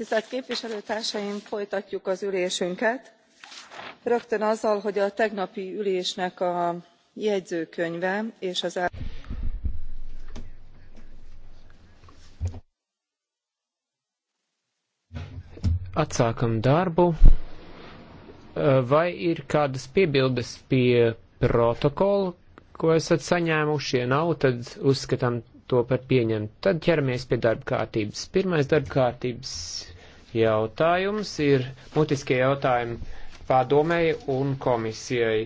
tisztelt képviselőtársaim folytatjuk az ülésünket rögtön azzal hogy a tegnapi ülésnek a jegyzőkönyve és az Atsākam darbu. Vai ir kādas piebildes pie protokola, ko esat saņēmuši? Ja nav, tad uzskatām to par pieņemt. Tad ķeramies pie darba kārtības. Pirmais darba kārtības jautājums ir mutiskie jautājumi pārdomēji un komisijai.